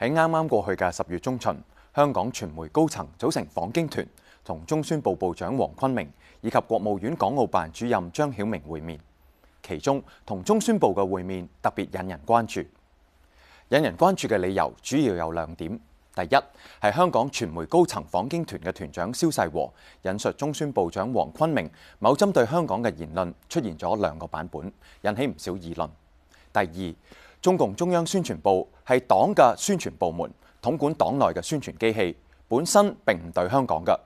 喺啱啱過去嘅十月中旬，香港傳媒高層組成訪京團，同中宣部部長黃坤明以及國務院港澳辦主任張曉明會面。其中同中宣部嘅會面特別引人關注。引人關注嘅理由主要有兩點：第一係香港傳媒高層訪京團嘅團長蕭世和引述中宣部長黃坤明某針對香港嘅言論出現咗兩個版本，引起唔少議論。第二中共中央宣傳部係黨嘅宣傳部門統管黨內嘅宣傳機器，本身並唔對香港嘅。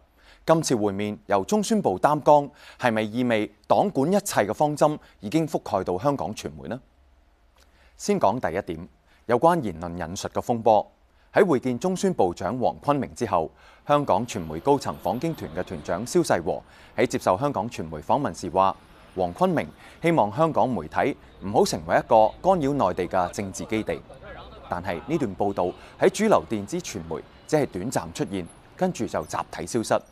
今次會面由中宣部擔綱係咪意味黨管一切嘅方針已經覆蓋到香港傳媒呢？先講第一點，有關言論引述嘅風波。喺會見中宣部長黃坤明之後，香港傳媒高層訪京團嘅團長肖世和喺接受香港傳媒訪問時話。黃坤明希望香港媒體唔好成為一個干擾內地嘅政治基地，但係呢段報道喺主流電子傳媒只係短暫出現，跟住就集體消失，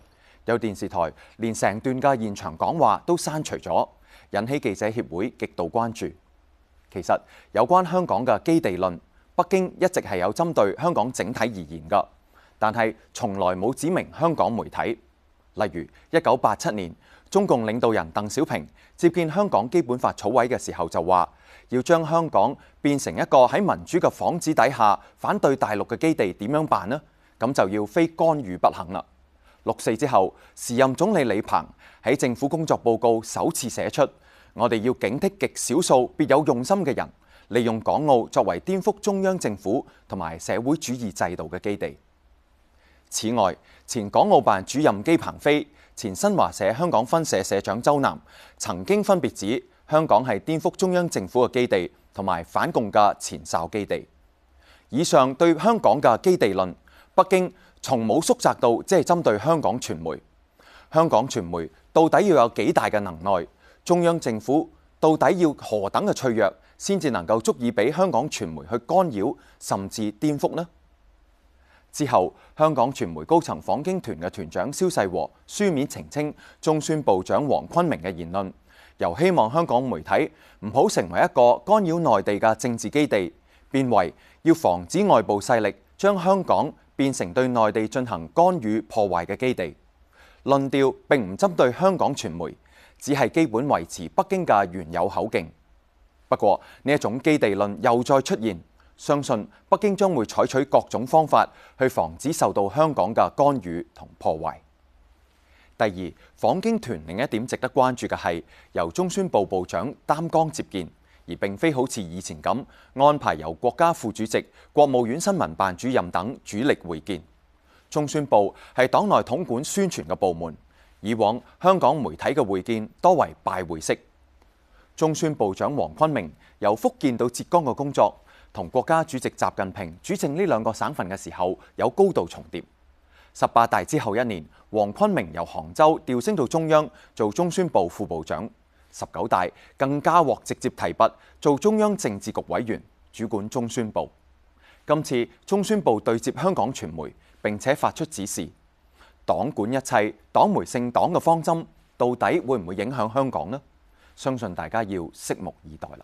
有電視台連成段嘅現場講話都刪除咗，引起記者協會極度關注。其實有關香港嘅基地論，北京一直係有針對香港整體而言噶，但係從來冇指明香港媒體。例如一九八七年。中共領導人鄧小平接見香港基本法草委嘅時候就話：要將香港變成一個喺民主嘅幌子底下反對大陸嘅基地，點樣辦呢？咁就要非干預不行啦。六四之後，時任總理李鵬喺政府工作報告首次寫出：我哋要警惕極少數別有用心嘅人，利用港澳作為顛覆中央政府同埋社會主義制度嘅基地。此外，前港澳辦主任姬鵬飛、前新華社香港分社社長周南曾經分別指香港係顛覆中央政府嘅基地，同埋反共嘅前哨基地。以上對香港嘅基地論，北京從冇縮窄到只係針對香港傳媒。香港傳媒到底要有幾大嘅能耐？中央政府到底要何等嘅脆弱，先至能夠足以俾香港傳媒去干擾，甚至顛覆呢？之後，香港傳媒高層訪京團嘅團長蕭世和書面澄清，中宣部長黃坤明嘅言論，由希望香港媒體唔好成為一個干擾內地嘅政治基地，變為要防止外部勢力將香港變成對內地進行干預破壞嘅基地。論調並唔針對香港傳媒，只係基本維持北京嘅原有口徑。不過呢一種基地論又再出現。相信北京將會採取各種方法去防止受到香港嘅干預同破壞。第二，訪京團另一點值得關注嘅係，由中宣部部長擔綱接見，而並非好似以前咁安排由國家副主席、國務院新聞辦主任等主力會見。中宣部係黨內統管宣傳嘅部門，以往香港媒體嘅會見多為拜會式。中宣部長黃坤明由福建到浙江嘅工作，同國家主席習近平主政呢兩個省份嘅時候，有高度重疊。十八大之後一年，黃坤明由杭州調升到中央，做中宣部副部長。十九大更加獲直接提拔，做中央政治局委員，主管中宣部。今次中宣部對接香港傳媒，並且發出指示，黨管一切、黨媒姓黨嘅方針，到底會唔會影響香港呢？相信大家要拭目以待啦。